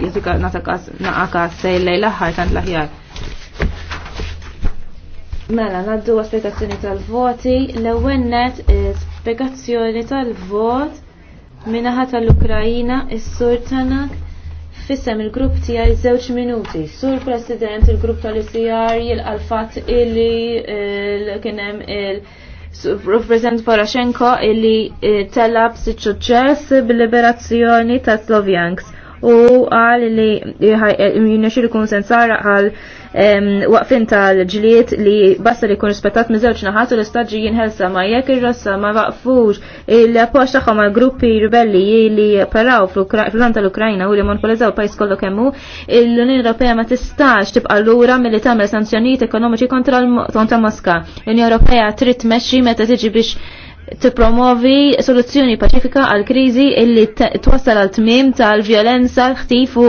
jizika natakas naqakas sejlej laħħar tant laħjar. Mela, naddu spiegazzjoni tal-voti, l-ewennet eh, spiegazzjoni tal-vot minnaħa tal-Ukrajina, is-sur tanak, fissem il-grupp tijaj zewċ minuti. Sur president il-grupp tal-ICR jil-alfat illi il-kienem eh, il Represent Poroshenko illi eh, tellab suċċess bil-liberazzjoni ta' Slovjanks u għal li eh, li kun sensara għal waqfin tal-ġliet li basta li kun rispettat miżewċ naħat u l-istagġi jinħelsa ma jekk ir-rassa ma waqfux il-appoġġ tagħhom gruppi ribelli li paraw fl-lan tal-Ukrajna u li monopolizaw pajis kollu kemmu, l-Unjoni Ewropea ma tistax tibqa' lura milli tagħmel sanzjonijiet ekonomiċi kontra Mosca. L-Unjoni Ewropea trid tmexxi meta tiġi biex tippromovi soluzzjoni paċifika għal kriżi illi twassal għal tmim tal-vjolenza, ħtif u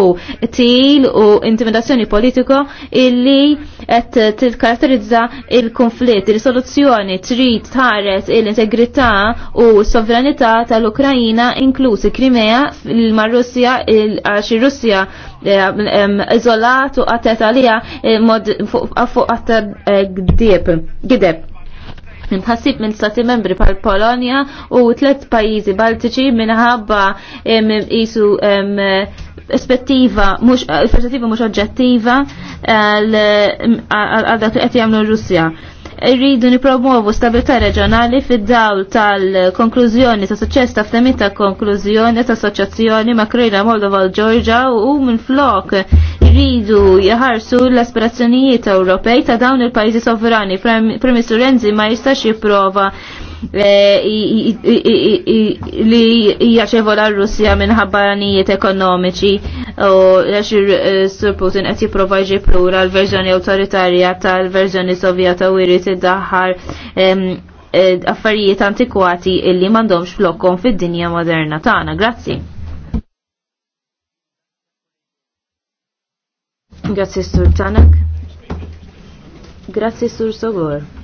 til u intimidazzjoni politiko illi qed tikkaratterizza il-konflitt. Il-soluzzjoni trid tħares l-integrità u s-sovranità tal-Ukrajina inklusi Krimea ma' Russja għax ir-Russja eh, iżolat u qatet għalija eh, fuq qatt eh, gideb. Nħassib minn stati membri pal Polonja u tlet pajizi baltiċi minħabba jisu perspettiva mux, eh, perspettiva mux oġġettiva eh, għal dak li qed jagħmlu Russja rridu nipromovu stabilità reġjonali fid-dawl tal-konklużjoni ta' suċċess ta' ftemiet ta' konklużjoni ta' assoċjazzjoni ma' Krejna Moldova u ġorġa u minn flok rridu jaħarsu l-aspirazzjonijiet Ewropej ta' dawn il-pajjiżi sovrani. Premissu Renzi ma jistax jipprova Eh, li jaċevola r-Russja minħabba ranijiet ekonomiċi u għax eh, Sur Putin qed jipprova jġiplura l-verżjoni awtoritarja tal-verżjoni Sovjeta u jrid iddaħħar eh, affarijiet antikwati illi m'għandhomx flokkom fid-dinja moderna tagħna. Grazzi. Grazzi Sur Tanak. Grazzi Sur Sogor.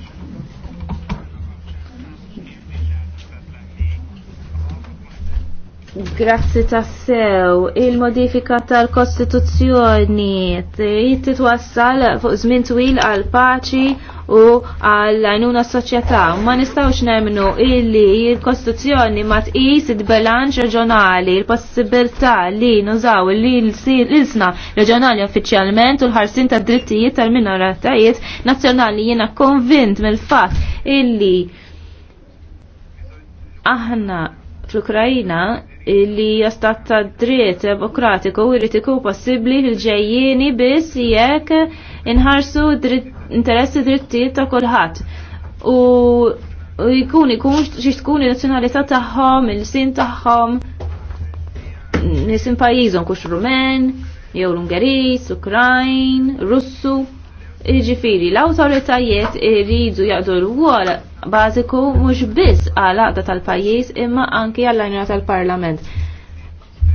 Grazzi tassew, il-modifika tal-Kostituzzjoni trid twassal fuq żmien twil għal paċi u għal għajnuna soċjetà. Ma nistgħux nemmnu illi l-Kostituzzjoni ma tqis id-bilanċ reġjonali, l-possibilità li nużaw l-ilsna reġjonali uffiċjalment u l-ħarsin tad-drittijiet tal-minoritajiet nazzjonali jiena konvint mill-fatt illi aħna fl-Ukrajina li jastat ta' dritt demokratiku u jrid ikun possibbli l-ġejjieni biss jekk inħarsu interessi drittijiet ta' kulħadd. U jkun ikun xi tkun in-nazzjonalità tagħhom, il-sin tagħhom, nisim pajjiżhom kux Rumen, jew l-Ungeris, Ukrajn, Russu. Iġifiri, l-autoritajiet iridu jaqdu l-wol bażiku mhux biss għal għaqda tal-pajjiż imma anki għall għajnuna tal-Parlament.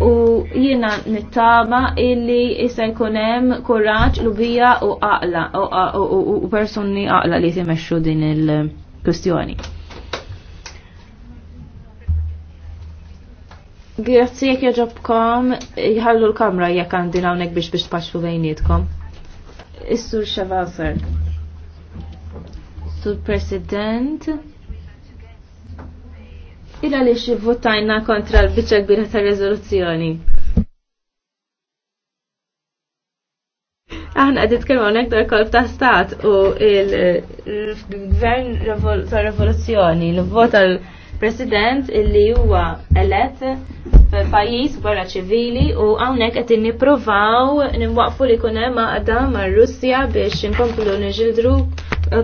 U jiena nittama illi issa jkunem hemm kuraġġ lubija u aqla u persuni aqla li timexxu din il kustjoni Grazie jekk jħallu l-kamra jekk għandina hawnhekk biex biex tpaxxu bejnietkom. Is-Sur Xavafer. Sur President. Ila li votajna kontra l-bicċa gbira ta' rezoluzzjoni. Aħna għedit kelmaw nekdar kolb ta' stat u il-gvern ta' revoluzzjoni, l-vota l president illi huwa elett f'pajjiż barra ċivili u hawnhekk qed nippruvaw nimwaqfu li jkun hemm għaqda mar-Russja biex inkomplu niġildru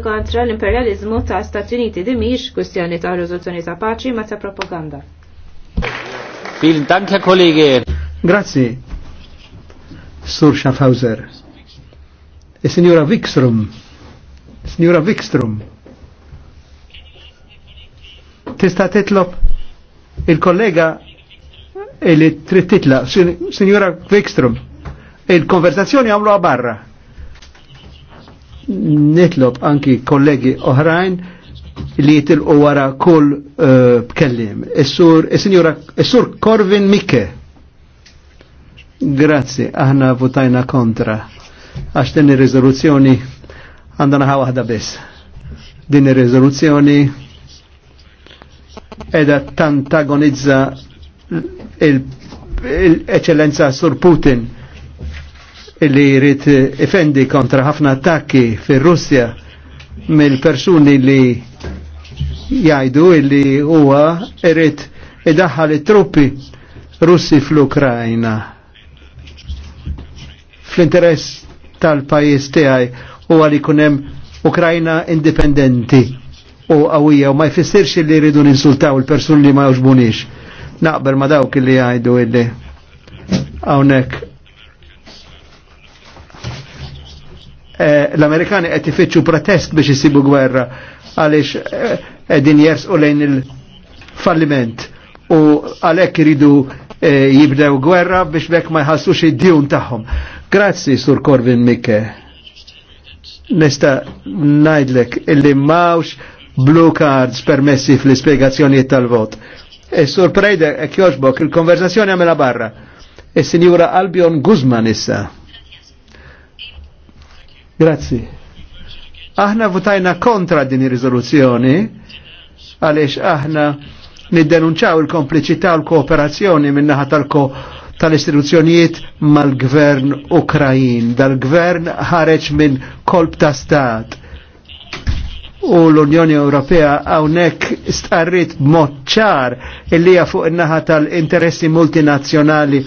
kontra l-imperializmu ta' Stati Uniti di mhix kwistjoni ta' riżoluzzjoni ta' paċi ma ta' propaganda. Vielen Dank, Herr Kollege. Grazie. Sur Schaffhauser. E signora Wikström. Signora Wikström tista' titlob il-kollega li trid titla, Signora Wikstrom, il-konversazzjoni għamlu barra. Nitlob anki kollegi oħrajn li jitilqu wara kull b'kellim. Eh, is-sur Corvin Mikke. Grazzi, aħna votajna kontra. Għax din ir-riżoluzzjoni għandna ħa waħda biss. Din ir-riżoluzzjoni edha tantagonizza l-eċellenza sur Putin illi jrid ifendi kontra ħafna attakki fir-Russja mill-persuni li jgħidu li huwa irid idaħħal it-truppi Russi fl-Ukrajna. Fl-interess tal-pajis tiegħi huwa li kunem Ukrajna indipendenti u għawija u ma jfissirx li rridu ninsultaw il-persun li ma jħuġbunix. Naqbel ma dawk li għajdu illi għawnek. Eh, L-Amerikani għet ifittxu protest biex jisibu gwerra għalix edin eh, jers u lejn il-falliment u għalek iridu eh, jibdew gwerra biex bekk ma jħassux id-djun tagħhom. Grazzi, Sur Corvin Mikke. Nista najdlek illi mawx blue cards permessi fl spiegazzjoni tal-vot. e Prejder e kjoġbok il-konversazzjoni għamela barra. E signora Albion Guzman issa. Grazzi. Aħna votajna kontra din ir-riżoluzzjoni għaliex aħna niddenunċaw il-kompliċità u l-kooperazzjoni minnaħa tal-ko tal-istituzzjonijiet mal-gvern Ukrajin. Dal-gvern ħareġ minn kolb ta' stat u l-Unjoni Ewropea hawnhekk starrit moċċar illi hija fuq in-naħa tal-interessi multinazzjonali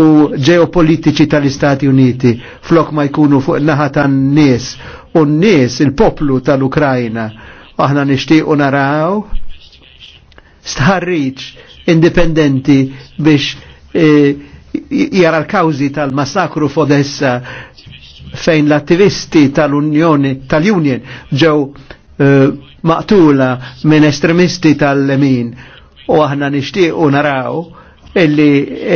u ġeopolitiċi tal-Istati Uniti flok ma jkunu fuq in-naħa tan-nies u n-nies il-poplu tal-Ukrajna aħna nixtiequ naraw stħarriċ indipendenti biex e, jara l-kawzi tal-massakru f'Odessa fejn l-attivisti tal-Unjoni tal-Union ġew Eh, maqtula minn estremisti tal-lemin u aħna nishtiqu naraw illi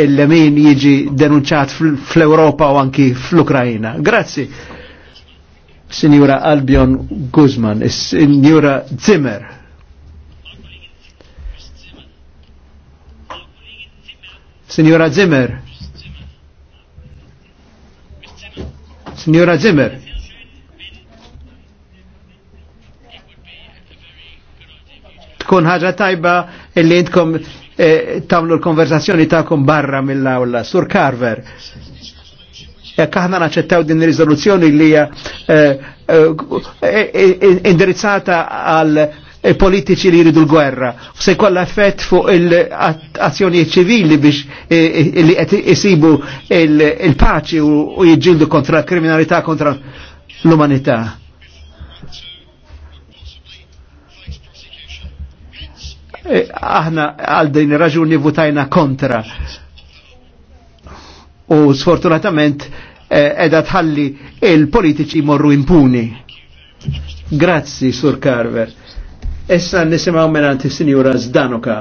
l-lemin jiġi denunċat fl-Europa u anki fl-Ukrajina. Grazzi. Signora Albion Guzman, e Signora Zimmer. Signora Zimmer. Signora Zimmer. tkun ħaġa tajba illi intkom eh, tamlu l-konversazzjoni ta'kom barra mill-awla. Sur Carver, jekk naċċettaw din rizoluzzjoni li hija eh, eh, indirizzata għal politiċi li jridu l-gwerra. Se kolla effett fuq il-azzjoni ċivili biex li qed isibu il-paċi u jiġġieldu kontra l-kriminalità kontra l-umanità. E, aħna għal din raġuni votajna kontra. U sfortunatament e, edha tħalli il-politiċi morru impuni. Grazzi, Sur Carver. Essa nisimaw menanti sinjura Zdanoka.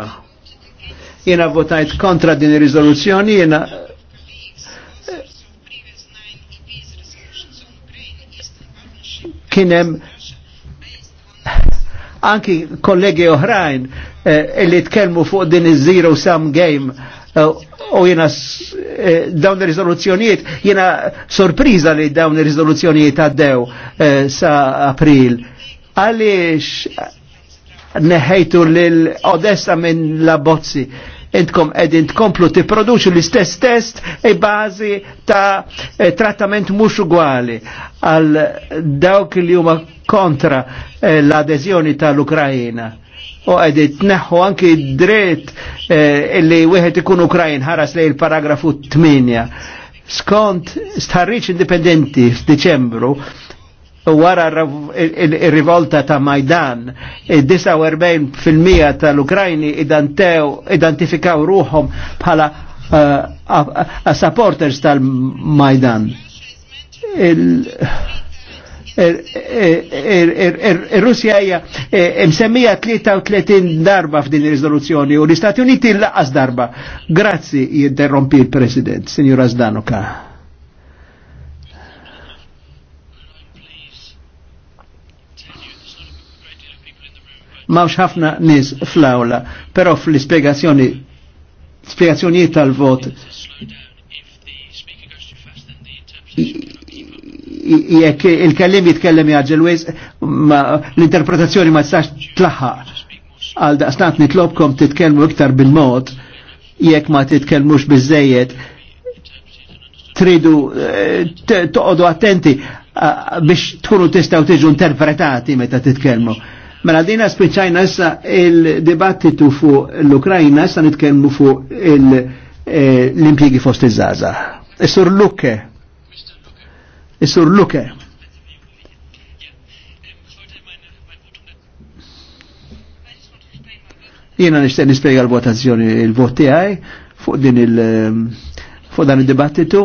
Jena votajt kontra din il-rizoluzzjoni, jena e, kienem anki kollegi oħrajn eh, illi tkellmu fuq din iż-zero sum game eh, u jena eh, dawn il riżoluzzjonijiet jena sorpriza li dawn il riżoluzzjonijiet għaddew eh, sa april. Għaliex neħejtu l-Odessa minn la bozzi intkom edin tkomplu tipproduċu l-istess test e bazi ta' e, trattament mux uguali għal dawk li huma kontra e, l-adezjoni tal-Ukrajina u għedi tneħħu anki dritt eh, illi wieħed ikun Ukrajin ħaras lej il-paragrafu 8. Skont starriċ indipendenti f'Diċembru wara il-rivolta ta' Majdan, 49% tal-Ukrajni identifikaw ruħom bħala eh, supporters tal-Majdan. Il-Russja hija eh, msemmija 33 darba f'din ir-riżoluzzjoni u l-Istati Uniti laqas darba. Grazzi jinterrompi il-President, Signora Zdanoka. Mawx ħafna nis fl-awla, pero fl-ispiegazzjoni spiegazzjoni tal-vot jekk il-kellim jitkellem jaġġel wis l-interpretazzjoni ma tistax tlaħħaq għal daqsnat nitlobkom titkellmu iktar bil-mod jekk ma titkellmux biżejjed tridu eh, toqodu attenti biex tkunu tistaw tiġu interpretati meta titkellmu. Mela dina spiċajna issa il-dibattitu fuq l-Ukrajna issa nitkellmu fuq eh, l-impjegi fost iż-żaza. Isur Luke. Isur Luke. Jiena nixtieq nispjega l-votazzjoni il-vot tiegħi fuq din il eh, fuq dan id-dibattitu.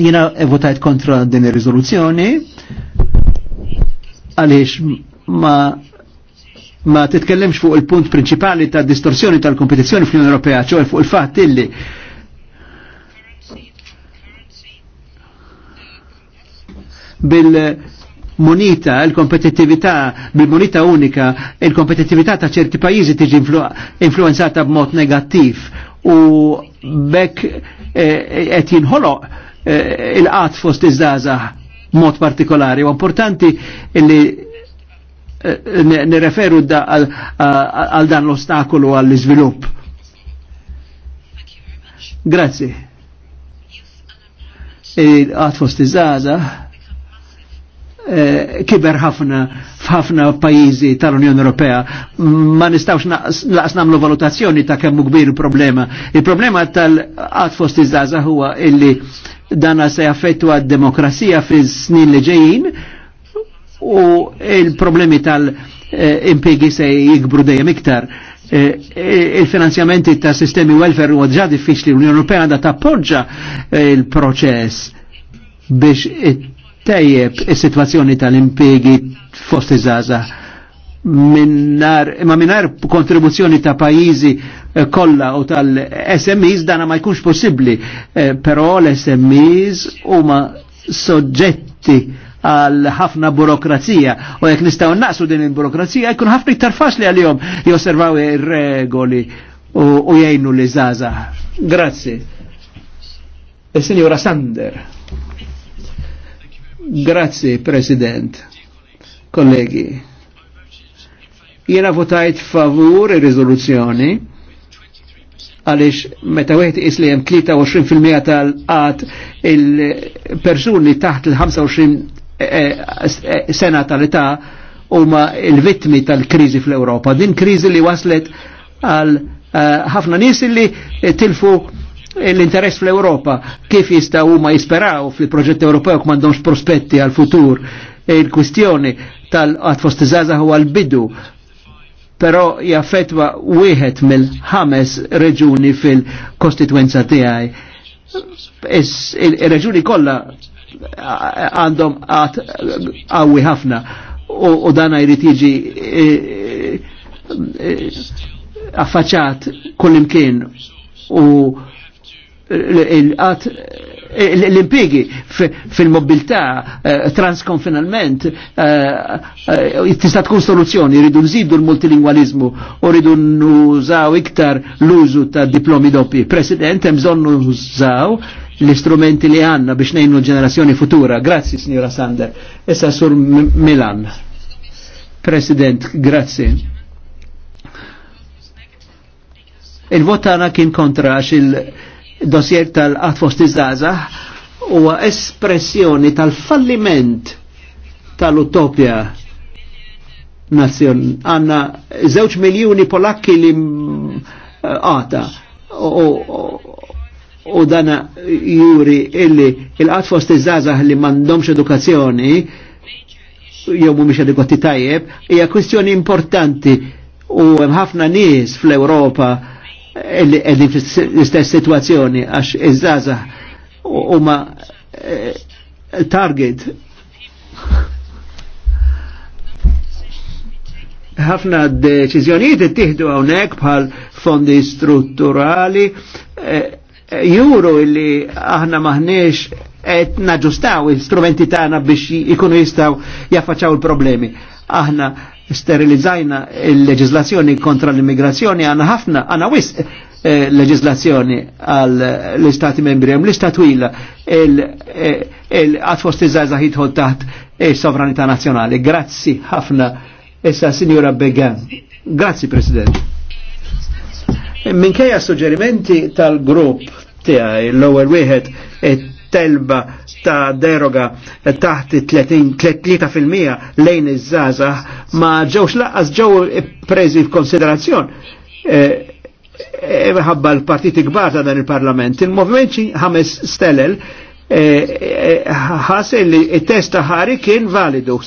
Jiena votajt kontra din ir-riżoluzzjoni għaliex ma ma titkellimx fuq il-punt principali ta' distorsjoni tal-kompetizzjoni fl-Unjoni Ewropea, ċoħi fuq il-fatt illi bil-monita, il-kompetittività, bil-monita unika, il-kompetittività ta' ċerti pajjiżi tiġi influenzata b'mod negattiv u bekk eh, qed jinħoloq eh, il-qat fost iż-żgħażagħ mod partikolari. U importanti illi eh, nireferu għal dan l-ostakolu għall-izvilupp. Grazie. Għad fost iżada e, kiber ħafna f'ħafna pajjiżi tal-Unjoni Ewropea. Ma nistgħux laqas nagħmlu valutazzjoni ta' kemm kbir il-problema. Il-problema tal-qatt fost iż-żgħażagħ huwa illi dana se jaffettwa għad demokrasija fi snin li ġejjin u il-problemi tal-impiegi se jikbru dejjem iktar. E, e, il-finanzjamenti ta' sistemi welfare u ġa diffiċli l-Unjoni Ewropea għandha tappoġġa e, il-proċess biex tejjeb is-sitwazzjoni tal-impiegi fost iż-żgħażagħ minnar, imma minnar kontribuzzjoni ta' pajizi eh, kolla u tal-SMEs dana ma jkunx possibli, eh, però l-SMEs huma soġġetti għal ħafna burokrazija u jek nistaw naqsu din il-burokrazija jkun ħafna iktar faċli għal-jom josservaw ir-regoli u, u jgħinu li zaza. Grazie. Il-Signora Sander. Grazie, President. Kollegi Jena votajt favur ir-riżoluzzjoni għalix meta wieħed isli jem 23% tal għat il-persuni taħt il-25 eh, eh, sena tal-età huma il-vittmi tal-kriżi fl-Ewropa. Din kriżi li waslet għal eh, ħafna nies li tilfu l-interess fl-Europa kif jistaw huma jisperaw fil-proġett Ewropew m'għandhomx prospetti għal futur il-kwistjoni e tal-għatfost huwa l-bidu pero jaffetwa wieħed mill-ħames reġuni fil-kostituenza tiegħi. Il-reġuni kollha għandhom għat għawi ħafna u dana jrid jiġi e, e, affaċat kullimkien u l-għat l-impiegi fil-mobilità eh, transkonfinalment eh, eh, tista' tkun soluzzjoni rridu nżidu l-multilingwalizmu u rridu nużaw iktar l-użu ta' diplomi doppi. President, hemm bżonn nużaw l-istrumenti li għanna biex nejnu ġenerazzjoni futura. Grazzi, signora Sander. Issa sur Milan. President, grazzi. Il-vot għana kien kontra il- dossier tal atfosti zaza huwa espressjoni tal-falliment tal-utopja nazjon għanna zewċ miljoni polakki li għata u dana juri illi il-qat fost li mandomx edukazzjoni jew mhumiex edukati tajjeb hija kwistjoni importanti u hemm ħafna nies fl europa edin fl-istess situazzjoni għax iż-żaza huma eh, target ħafna deċiżjonijiet ittieħdu hawnhekk bħal fondi strutturali eh, eh, juru illi aħna maħniex qed naġustaw il-strumenti tagħna biex ikunu jistgħu jaffaċċaw il-problemi. Aħna sterilizzajna il-leġizlazzjoni kontra l-immigrazzjoni għana ħafna, għana wis eh, leġizlazzjoni għal l-istati membri, għem l-istatwila il-għatfosti il, eh, il, taħt il sovranita nazjonali. Grazzi ħafna, issa signora Began. Grazzi, President. Minkeja suġġerimenti tal-grupp tiegħi l-ewwel wieħed eh, telba ta' deroga taħt 33% lejn iż-żaza ma ġewx laqqas ġew preżi f'konsiderazzjon. E, e, ħabba l-partiti kbar ta' dan il-parlament. Il-movement ħames stelel e, ħasel li il-test ħari kien validu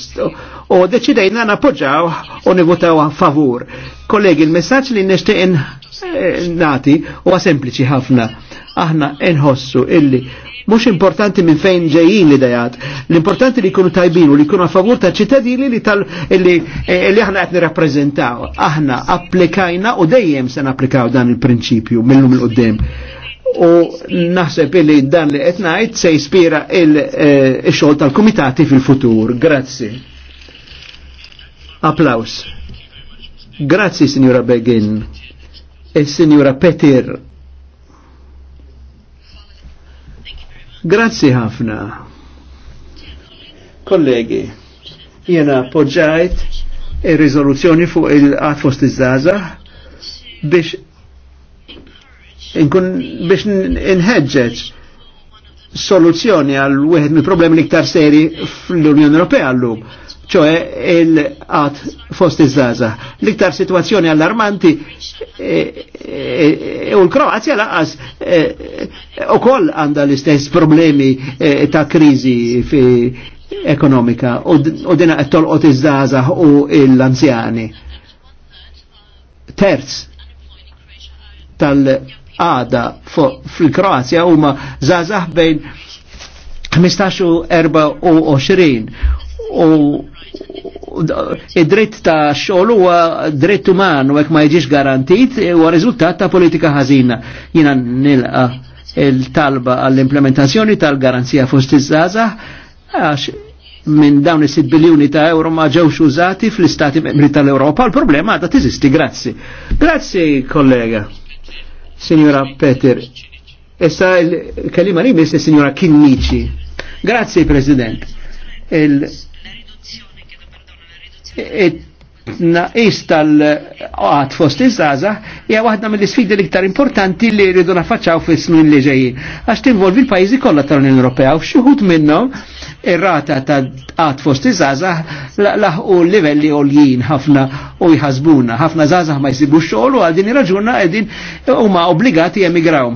u deċidejna napoġġaw u nivutaw favur. Kollegi, il-messaġġ li nixtieq nati huwa sempliċi ħafna aħna nħossu illi mux importanti minn fejn ġejjin li dajat, l-importanti li jkunu tajbin u li jkunu favur ta' ċittadini li tal li, eh, li aħna qed nirrappreżentaw. Aħna applikajna u dejjem se napplikaw dan il-prinċipju minnhom il qudiem U naħseb illi dan li qed ngħid se jispira il-xogħol eh, tal-kumitati fil-futur. Grazzi. Applaus. Grazzi, Signora Begin. E Signora Petir Grazzi ħafna. Kollegi, jena poġġajt il-rizoluzzjoni fuq il-qat fost iż-żaza biex inkun biex inħeġġeġ soluzzjoni għal wieħed mill-problemi l-iktar seri fl-Unjoni Ewropea għallum ċoħe il-għat fost iż-żaza. L-iktar situazzjoni allarmanti e, e, e, u l-Kroazja laqas u koll għanda l-istess problemi ta' krizi fi ekonomika u dina qed tolqot iż-żaza u l-anzjani. Terz tal-għada fil-Kroazja u ma' zazah bejn 15 u 24 u id-dritt ta' xogħol huwa dritt uman u hekk ma jiġix garantit e, huwa riżultat ta' politika ħażina. Jiena nilqa il-talba għall-implementazzjoni tal-garanzija fost iż-żgħażagħ għax minn dawn is-6 biljuni ta' euro ma ġewx użati fl-Istati Membri tal europa l-problema għadha tiżisti, grazzi. Grazzi kollega, Signora Peter. Issa il-kelima li Signora Kinnici. Grazzi President. Il naqis tal-qat fost izzaza żaza hija waħda mill-isfidi l-iktar importanti li rridu nafaċċaw fis-snin li ġejjin. Għax tinvolvi l-pajjiżi kollha tal-Unjoni Ewropea u xi wħud minnhom ir-rata ta' qat fost izzaza żaza laħqu livelli għoljin ħafna u jħasbuna. Ħafna zazah ma jsibux xogħol u għal din ir-raġuna qegħdin huma obbligati emigraw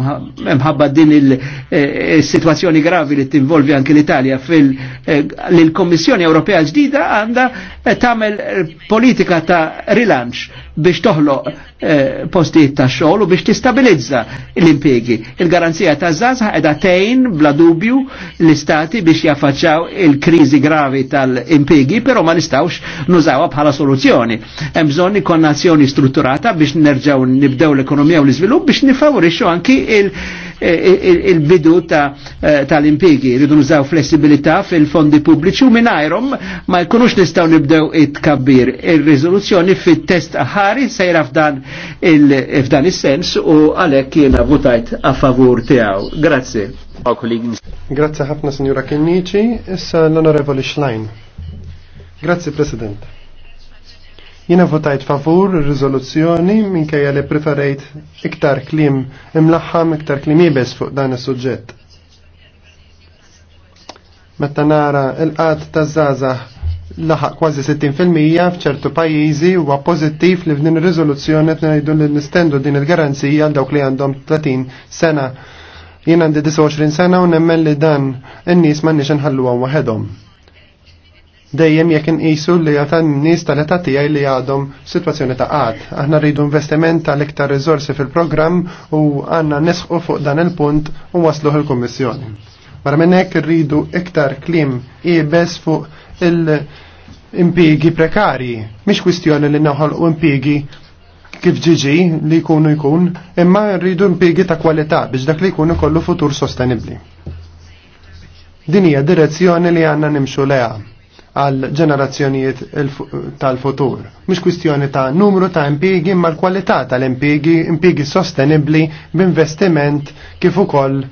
mħabba din il-sitwazzjoni eh, gravi li tinvolvi anke l-Italja fil-Kommissjoni eh, Ewropea ġdida għandha E tamel eh, politika ta' rilanċ biex toħloq eh, postijiet ta' xogħol u biex tistabilizza l impiegi Il-garanzija ta' żgħażagħ qiegħda tgħin bla dubju l-istati biex jaffaċċaw il-kriżi gravi tal impiegi però ma nistawx nużawha bħala soluzzjoni. Hemm bżonn ikun strutturata biex nerġgħu nibdew l-ekonomija u l-iżvilupp biex nifavorixxu anki il- E, e, e, il-bidu tal-impigi. ridu nużaw flessibilità fil-fondi pubbliċi u minnajrom ma jkunux nistaw nibdew it-kabbir. Il-rizoluzzjoni fit-test ħari sejra f'dan il-sens u għalek jena votajt a favur tijaw. Grazie. Grazie ħafna, signora Kennici. Issa l-onorevoli Schlein. Grazie, President. Jiena votajt favur ir-riżoluzzjoni minkejja li preferejt iktar klim imlaħħam iktar klim jibes fuq dan is-suġġett. Meta nara il-qat ta' żgħażagħ laħaq kważi 60% f'ċertu pajjiżi huwa pożittiv li f'din ir-riżoluzzjoni qed ngħidu li nistendu din il-garanzija għal dawk li għandhom 30 sena. Jien għandi 29 sena u nemmen li dan in-nies m'għandniex inħalluhom waħedhom dejjem jekk inqisu li għata n-nies tal-età tiegħi li għadhom sitwazzjoni ta' qatt. Aħna rridu investiment tal-iktar riżorsi fil-programm u għandna nesħu fuq dan il-punt u wasluh il-Kummissjoni. Barra minn hekk rridu iktar klim ibes fuq il-impigi prekari, mhix kwistjoni li naħolqu impigi kif ġiġi li jkunu jkun, imma rridu impigi ta' kwalità biex dak li jkunu kollu futur sostenibli. Din hija direzzjoni li għandna nimxu leha għal ġenerazzjonijiet tal-futur. Mhux kwistjoni ta' numru ta' impjiegi imma l-kwalità tal-impjiegi, impjiegi sostenibbli b'investiment kif ukoll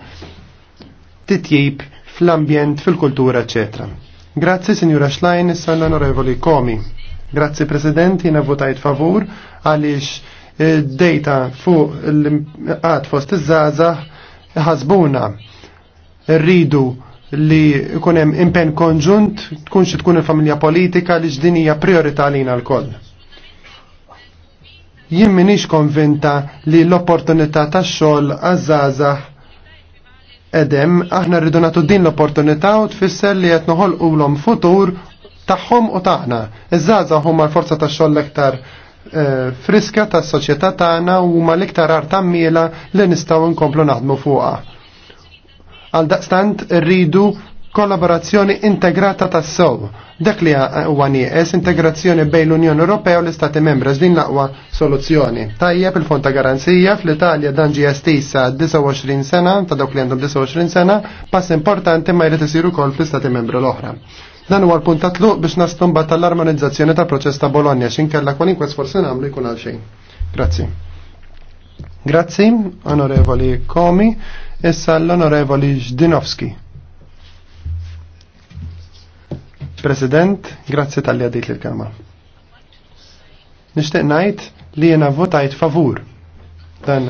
titjib fl-ambjent, fil-kultura, ecc. Grazzi, Sinjura Schlein, issa l-Onorevoli Komi. Grazzi, President, jina votajt favur għaliex eh, data fuq l-imqat fost iż-żaza ħasbuna rridu li ikunem hemm impenn konġunt tkunx tkun il-familja politika li ġdinija hija priorità lina l-koll. Jien minix konvinta li l-opportunità tax-xogħol għazzaza edem, aħna rridu nagħtu din l-opportunità u tfisser li qed noħolqulhom futur tagħhom u tagħna. Iż-żgħażagħ huma l-forza tax-xogħol l-iktar eh, friska tas-soċjetà tagħna u huma l-iktar art li nistgħu nkomplu naħdmu fuqha Għal daqstant rridu kollaborazzjoni integrata tas sow Dak li huwa nieqes integrazzjoni bejn l-Unjoni Ewropea u l-Istati Membri din l-aqwa soluzzjoni. Tajjeb il-fond ta' garanzija fl-Italja dan ġie stisa 29 sena, ta' dawk li għandhom 29 sena, pass importanti ma jrid isiru wkoll fl-Istati Membri l-oħra. Dan huwa l-punt ta' tluq biex nastumba tal-armonizzazzjoni ta' proċess ta' Bologna x'inkella kwalinkwe sforzi nagħmlu jkun għal xejn. Grazzi. Grazzi, onorevoli Komi. Issa l-Onorevoli Ġdinovski. President, grazie tal-li għaddit l-kelma. Nishtiq najt li jena votajt favur dan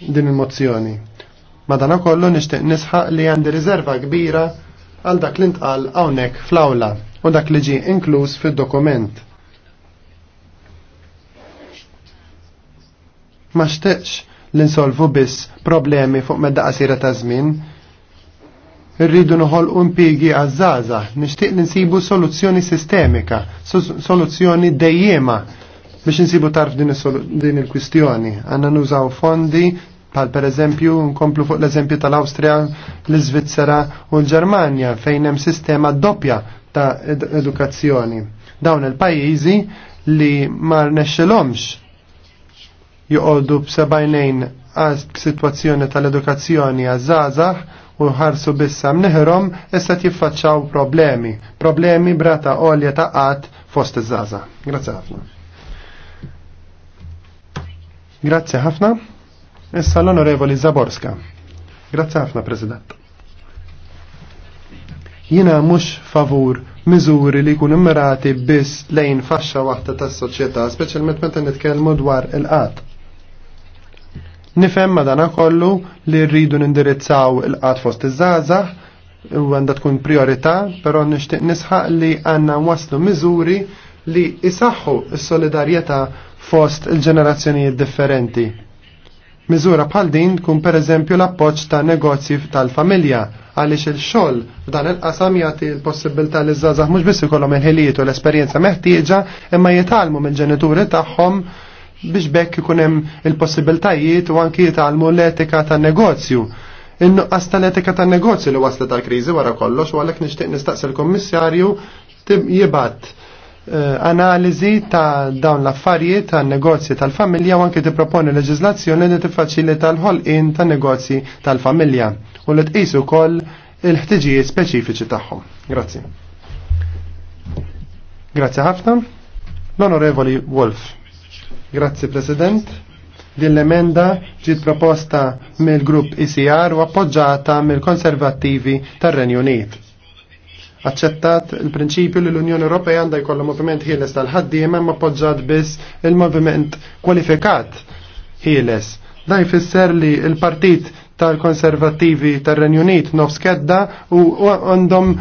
din il-mozzjoni. Madana kollu nishtiq nisħaq li għandi riserva kbira għal dak li ntqal hawnhekk fl-awla u dak li ġie inkluż fid-dokument. Ma xteqx li nsolvu biss problemi fuq medda qasira ta' żmien. Irridu noħol unpigi għazzaza, nixtieq li nsibu soluzzjoni sistemika, soluzzjoni dejjema biex nsibu tarf din il-kwistjoni. Għanna nużaw fondi pal per eżempju nkomplu fuq l-eżempju tal-Awstrija, l-Svizzera u l-Ġermanja fejn hemm sistema doppja ta' edukazzjoni. Dawn il-pajjiżi li ma rnexxilhomx joqoldu b'sebajnejn għaz situazzjoni tal-edukazzjoni għazzazax u ħarsu bissa mneħrom issa jiffaċċaw problemi, problemi brata olja ta' qatt fost iż-żaza. Grazzi ħafna. Grazzi ħafna. Issa l-Onorevoli Zaborska. Grazzi ħafna, President. Jina mhux favur miżuri li jkunu immirati biss lejn faxxa waħda tas-soċjetà, speċjalment meta nitkellmu dwar il-qatt Nifhem madana kollu li rridu nindirizzaw il-qat fost iż-żgħażagħ u għandha tkun priorita, però nixtieq nisħaq li għandna waslu miżuri li isaħħu s-solidarjetà fost il-ġenerazzjonijiet differenti. Miżura bħal din tkun pereżempju l-appoġġ ta' negozji tal-familja għaliex il-xogħol f'dan il-qasam jagħti l-possibilità li żgħażagħ mhux biss ikollhom il-ħiliet u l-esperjenza meħtieġa imma jitgħalmu mill-ġenituri tagħhom biex bekk ikun hemm il-possibiltajiet u anki jitalmu l-etika tan-negozju. In-nuqqas tal-etika tan-negozju li waslet tal-kriżi wara kollox u għalhekk nixtieq nistaqsi l-Kummissarju jibgħat eh, analiżi ta' dawn l-affarijiet tan-negozji tal-familja u anki tipproponi leġizlazzjoni li tiffaċilita l-ħolqien tan-negozji tal-familja u li tqisu wkoll il-ħtiġijiet speċifiċi tagħhom. Grazzi. Grazzi ħafna. L-Onorevoli Wolf. Grazzi President. Din l-emenda ġiet proposta mill-grupp ICR e u appoġġata mill-Konservattivi tar-Renju Unit. Aċċettat il-prinċipju li l-Unjoni Ewropea għandha jkollha moviment ħieles tal-ħaddiem hemm appoġġat biss il-moviment kwalifikat ħieles. Dan jfisser li l-partit tal-konservativi tar renju Unit nofs kedda u għandhom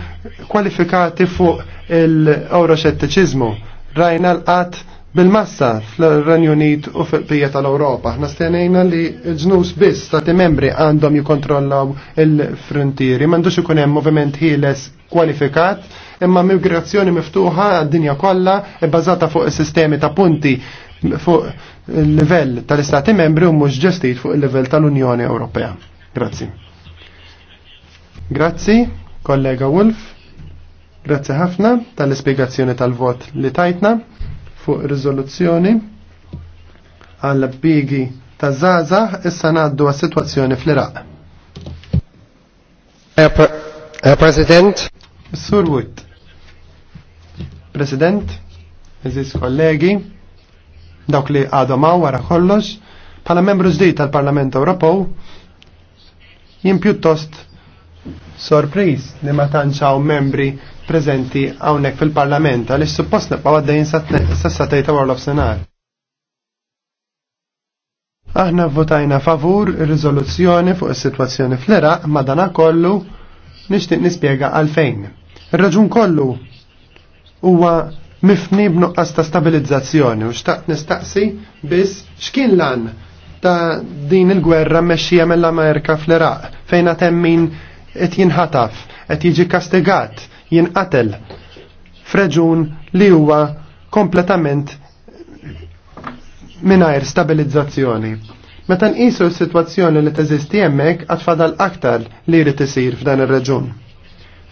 kwalifikati fuq il-euroxettiċizmu. Rajna l-qatt bil-massa fl-Renju Unit u fil pija tal-Europa. ħna stenejna li ġnus biss stati membri għandhom jikontrollaw il-frontieri, m'għandux ikun hemm moviment ħieles kwalifikat, imma migrazzjoni miftuħa għad-dinja kollha e bazata fuq is-sistemi ta' punti fuq il-livell tal-Istati membri u mhux ġestit fuq il-livell tal-Unjoni Ewropea. Grazzi. Grazzi, kollega Wolf. Grazzi ħafna tal-ispiegazzjoni tal-vot li tajtna fuq riżoluzzjoni għall bigi ta' Zaza issa ngħaddu għas sitwazzjoni fl-Iraq. President. Sur Wood. President, eżis kollegi, dawk li għadhom għaw wara kollox, bħala membru ġdid tal-Parlament Ewropew, jien pjuttost sorpriż li ma tantx membri prezenti hawnhekk fil-Parlament għaliex suppost nebqa għaddejjin sa tgħid wara l senar Aħna votajna favur ir-riżoluzzjoni fuq is-sitwazzjoni fl-Iraq kollu nixtieq nispjega għalfejn. Ir-raġun kollu huwa mifni b'nuqqas ta' stabilizzazzjoni u xtaqt nistaqsi biss x'kien lan ta' din il-gwerra mmexxija mill-Amerika fl-Iraq fejn hemm min qed jinħataf, qed jiġi kastigat, jinqatel f'reġun li huwa kompletament mingħajr stabilizzazzjoni. Meta nqisu s-sitwazzjoni li teżisti hemmhekk għad fadal aktar li jrid isir f'dan ir-reġun.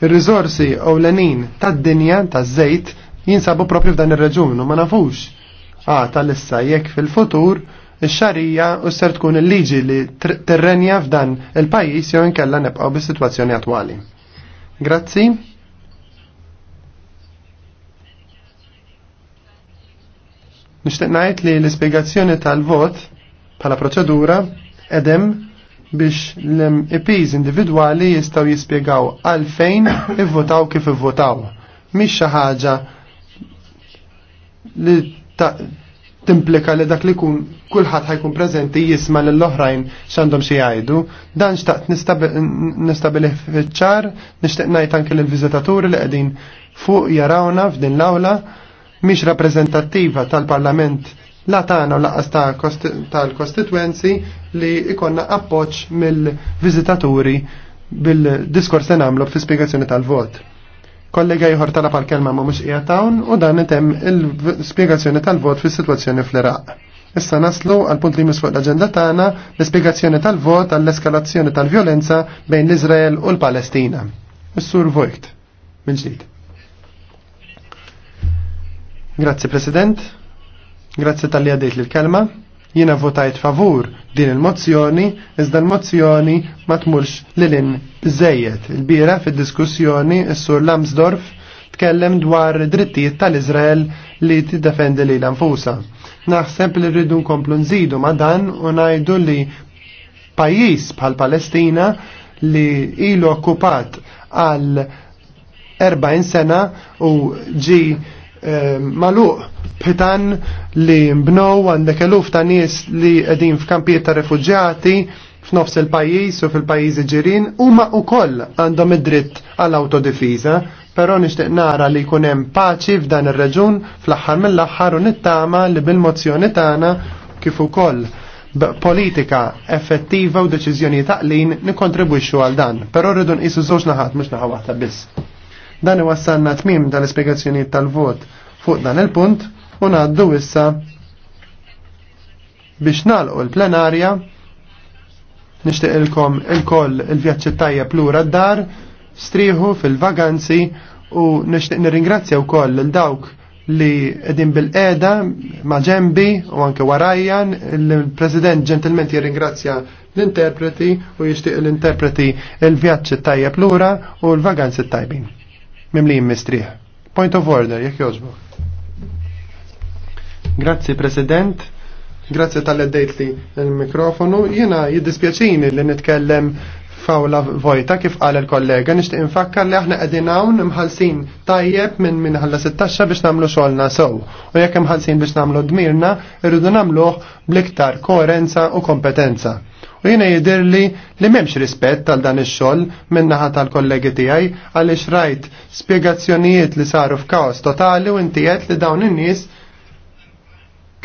Ir-riżorsi ewlenin tad-dinja taż-żejt jinsabu propri f'dan ir-reġun u ma nafux. Ah, tal-issa jekk fil-futur ix-xarija u ser tkun il-liġi li terrenja f'dan il-pajjiż jew inkella nebqgħu bis-sitwazzjoni attwali. Grazzi. Nixtieq ngħid li l-ispjegazzjoni tal-vot bħala proċedura edem biex l-MEPs individwali jistgħu jispjegaw għalfejn ivvotaw kif ivvotaw. Mhix xi ħaġa li timplika li dak li kun kulħadd ħajkun preżenti jisma l oħrajn x'għandhom xi jgħidu. Dan xtaqt nistabilih fiċ-ċar, nixtieq ngħid anke lill-viżitaturi li qegħdin fuq jarawna f'din l-awla mhix rappreżentattiva tal-Parlament la tagħna u laqas tal-kostitwenzi li ikonna appoġġ mill-viżitaturi bil-diskors li nagħmlu fl-ispjegazzjoni tal-vot. Kollega jħor tala pal-kelma ma mhux qiegħed hawn u dan item il-spjegazzjoni tal-vot fis-sitwazzjoni fl-Iraq. Issa naslu għal punt li misfuq l-agenda tagħna l-ispjegazzjoni tal-vot għall-eskalazzjoni tal-vjolenza bejn l-Iżrael u l-Palestina. Is-Sur Vojt, minn ġdid. Grazzi President, grazzi tal-li għaddejt l-kelma. Jiena votajt favur din il-mozzjoni, iżda l-mozzjoni ma tmurx lilin żejjed. Il-bira fid-diskussjoni s-sur Lamsdorf tkellem dwar drittijiet tal-Izrael li tiddefendi li l-anfusa. Naħseb li rridu nkomplu nżidu ma dan u ngħidu li pajjiż bħal Palestina li ilu okkupat għal 40 sena u ġi Ehm, maluq pitan li mbnow għandek eluf ta' nies li qegħdin f'kampijiet ta' refuġjati f'nofs il-pajjiż u fil-pajjiżi ġirin huma wkoll għandhom id-dritt għall autodifiza però nixtieq nara li jkun hemm paċi f'dan ir-reġun fl-aħħar mill-aħħar u nittama li bil-mozzjoni tagħna kif ukoll politika effettiva u deċiżjoni taqlin nikkontribwixxu għal dan, però rridu nqisu żewġ naħat mhux naħa waħda biss. Dan iwassalna tmim tal ispjegazzjonijiet tal-vot fuq dan il-punt u ngħaddu issa biex nalqu l-plenarja nixtieq ilkom il-koll il vjaċċi tajja plura d-dar, striħu fil-vaganzi u nixtieq nirringrazzja wkoll il dawk li edin bil-qeda ma' ġembi u anke warajjan il-President ġentilment jirringrazzja l-interpreti u jixtieq l-interpreti il-vjaġġi tajjeb lura u l-vaganzi tajbin. Mimlim mistrieħ. Point of order, jekk jogħġbok. Grazzi President, grazzi tal-eddejt li l-mikrofonu. Jena jiddispjaċini li nitkellem fawla vojta kif għal il-kollega nixtieq infakkar li aħna qegħdin hawn tajjeb minn minn ħalla 16 biex nagħmlu xogħolna sew. U jekk mħalsin biex nagħmlu dmirna, irridu nagħmluh bl-iktar koerenza u kompetenza. U jina jidir li li memx rispett tal dan ix-xogħol minnaħa tal-kollegi tiegħi għaliex rajt spjegazzjonijiet li saru f'kaos totali u inti li dawn in-nies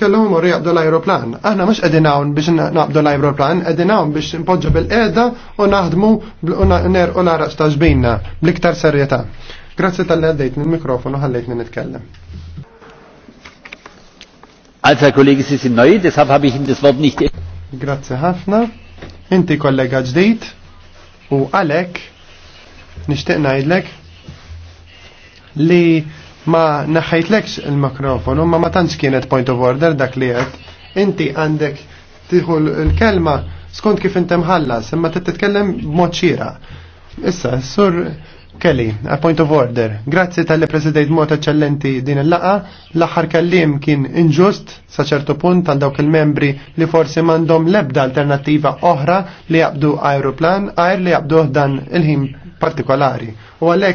kellhom imorru jaqbdu l-ajroplan. Aħna mhux qegħdin hawn biex naqbdu l-ajroplan, qegħdin hawn biex npoġġu bil-qiegħda u naħdmu u nerqu l-arax ta' ġbinna bl-iktar serjetà. Grazzi tal-li għaddejtni l-mikrofonu ħallejtni nitkellem. Als kollegi si Sissin Neu, deshalb habe nixti. Grazzi Grazie ħafna. Inti kollega ġdid u għalek nishtiq ngħidlek li ma naħajtlekx il-mikrofonu ma ma tantx kienet point of order dak li għed Inti għandek tieħu l-kelma skont kif inti mħallas imma titkellem b'mod xieraq. Issa, sur Kelly, a point of order. Grazzi tal president mod eccellenti din il-laqa. L-aħħar kellim kien inġust sa ċertu punt għal dawk il-membri li forsi mandom lebda alternativa oħra li jabdu aeroplan, aer li jabduh dan il-ħin partikolari. U għalek